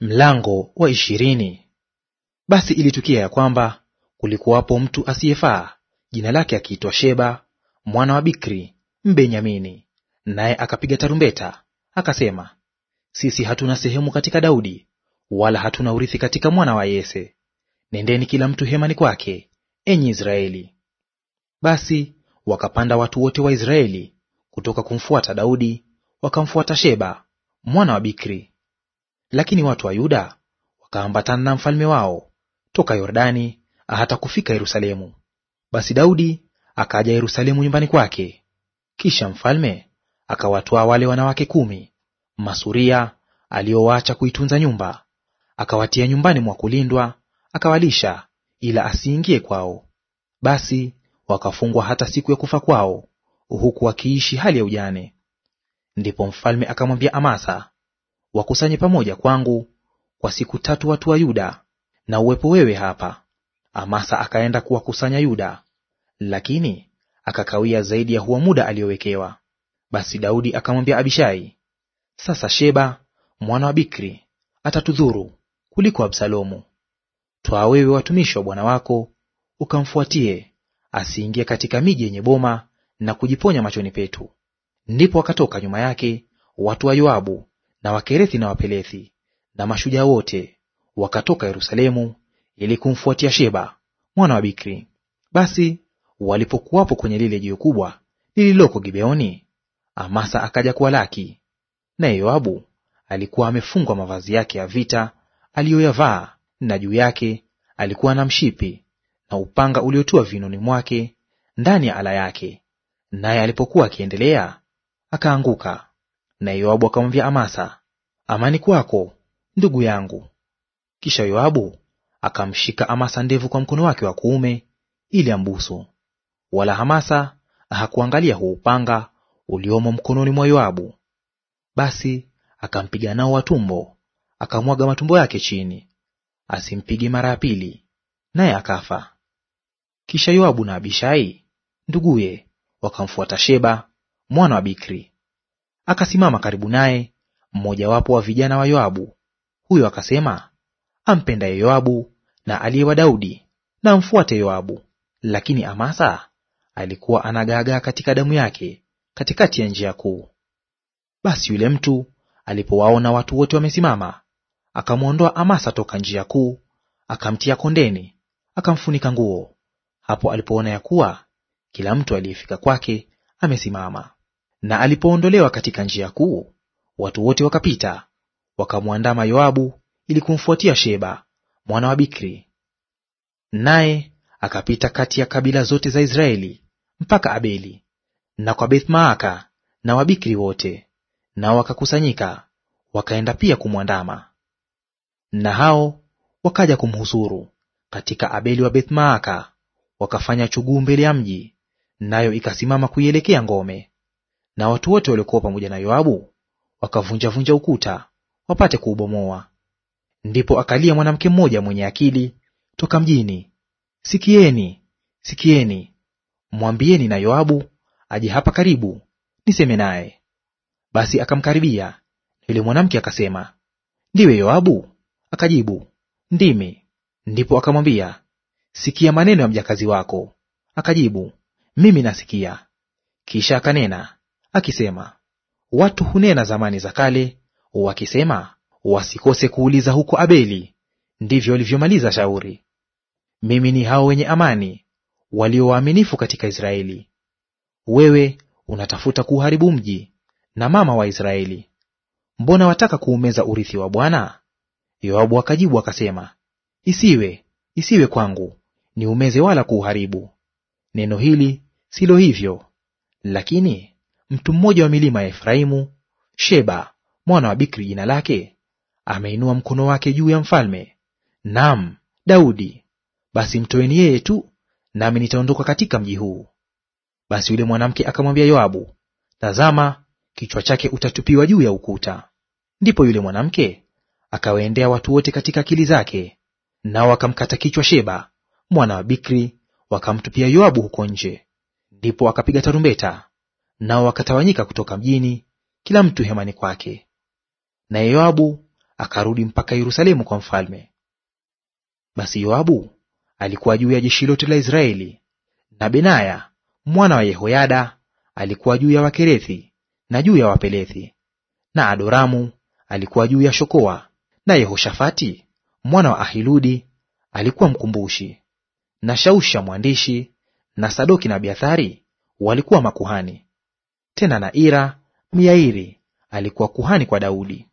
Mlango wa ishirini. Basi ilitukia ya kwamba kulikuwapo mtu asiyefaa jina lake akiitwa Sheba mwana wa Bikri Mbenyamini, naye akapiga tarumbeta akasema, sisi hatuna sehemu katika Daudi, wala hatuna urithi katika mwana wa Yese. Nendeni kila mtu hemani kwake, enyi Israeli. Basi wakapanda watu wote wa Israeli kutoka kumfuata Daudi, wakamfuata Sheba mwana wa Bikri. Lakini watu wa Yuda wakaambatana na mfalme wao toka Yordani hata kufika Yerusalemu. Basi Daudi akaja Yerusalemu nyumbani kwake. Kisha mfalme akawatoa wale wanawake kumi masuria aliyowaacha kuitunza nyumba, akawatia nyumbani mwa kulindwa, akawalisha, ila asiingie kwao. Basi wakafungwa hata siku ya kufa kwao, huku wakiishi hali ya ujane. Ndipo mfalme akamwambia Amasa wakusanye pamoja kwangu kwa siku tatu watu wa Yuda, na uwepo wewe hapa. Amasa akaenda kuwakusanya Yuda, lakini akakawia zaidi ya huo muda aliyowekewa. Basi Daudi akamwambia Abishai, sasa Sheba mwana wa Bikri atatudhuru kuliko Absalomu. Twaa wewe watumishi wa bwana wako ukamfuatie, asiingie katika miji yenye boma na kujiponya machoni petu. Ndipo wakatoka nyuma yake watu wa Yoabu na Wakerethi na Wapelethi na mashujaa wote wakatoka Yerusalemu ili kumfuatia Sheba mwana wa Bikri. Basi walipokuwapo kwenye lile jiwe kubwa lililoko Gibeoni, Amasa akaja kuwalaki, naye Yoabu alikuwa amefungwa mavazi yake ya vita aliyoyavaa, na juu yake alikuwa na mshipi na upanga uliotua vinoni mwake ndani ya ala yake, naye alipokuwa akiendelea akaanguka. Naye Yoabu akamwambia Amasa, amani kwako ndugu yangu. Kisha Yoabu akamshika Amasa ndevu kwa mkono wake wa kuume ili ambusu, wala Amasa hakuangalia huu upanga uliomo mkononi mwa Yoabu. Basi akampiga nao watumbo, akamwaga matumbo yake chini, asimpige mara ya pili, naye akafa. Kisha Yoabu na Abishai nduguye wakamfuata Sheba mwana wa Bikri akasimama karibu naye mmojawapo wa vijana wa Yoabu, huyo akasema, ampendaye Yoabu na aliye wa Daudi na amfuate Yoabu. Lakini Amasa alikuwa anagaagaa katika damu yake katikati ya njia kuu. Basi yule mtu alipowaona watu wote wamesimama, akamwondoa Amasa toka njia kuu, akamtia kondeni, akamfunika nguo. Hapo alipoona ya kuwa kila mtu aliyefika kwake amesimama na alipoondolewa katika njia kuu, watu wote wakapita wakamwandama Yoabu ili kumfuatia Sheba mwana wa Bikri, naye akapita kati ya kabila zote za Israeli mpaka Abeli na kwa Bethmaaka na Wabikri wote, nao wakakusanyika wakaenda pia kumwandama. Na hao wakaja kumhusuru katika Abeli wa Bethmaaka, wakafanya chuguu mbele ya mji, nayo ikasimama kuielekea ngome. Na watu wote waliokuwa pamoja na Yoabu wakavunjavunja ukuta wapate kuubomoa. Ndipo akalia mwanamke mmoja mwenye akili toka mjini, sikieni, sikieni, mwambieni na Yoabu aje hapa karibu, niseme naye. Basi akamkaribia, na yule mwanamke akasema, ndiwe Yoabu? Akajibu, ndimi. Ndipo akamwambia, sikia maneno ya mjakazi wako. Akajibu, mimi nasikia. Kisha akanena, akisema, watu hunena zamani za kale wakisema, wasikose kuuliza huko Abeli, ndivyo walivyomaliza shauri. Mimi ni hao wenye amani walio waaminifu katika Israeli. Wewe unatafuta kuuharibu mji na mama wa Israeli, mbona wataka kuumeza urithi wa Bwana? Yoabu akajibu akasema, isiwe, isiwe kwangu niumeze wala kuuharibu. Neno hili silo hivyo, lakini mtu mmoja wa milima ya Efraimu, Sheba mwana wa Bikri jina lake, ameinua mkono wake juu ya mfalme, naam Daudi. Basi mtoeni yeye tu, nami nitaondoka katika mji huu. Basi yule mwanamke akamwambia Yoabu, tazama, kichwa chake utatupiwa juu ya ukuta. Ndipo yule mwanamke akawaendea watu wote katika akili zake, nao wakamkata kichwa Sheba mwana wa Bikri, wakamtupia Yoabu huko nje. Ndipo akapiga tarumbeta, Nao wakatawanyika kutoka mjini, kila mtu hemani kwake. Naye Yoabu akarudi mpaka Yerusalemu kwa mfalme. Basi Yoabu alikuwa juu ya jeshi lote la Israeli, na Benaya mwana wa Yehoyada alikuwa juu ya Wakerethi na juu ya Wapelethi, na Adoramu alikuwa juu ya shokoa, na Yehoshafati mwana wa Ahiludi alikuwa mkumbushi, na Shausha mwandishi, na Sadoki na Abiathari walikuwa makuhani. Tena na Ira Myairi alikuwa kuhani kwa Daudi.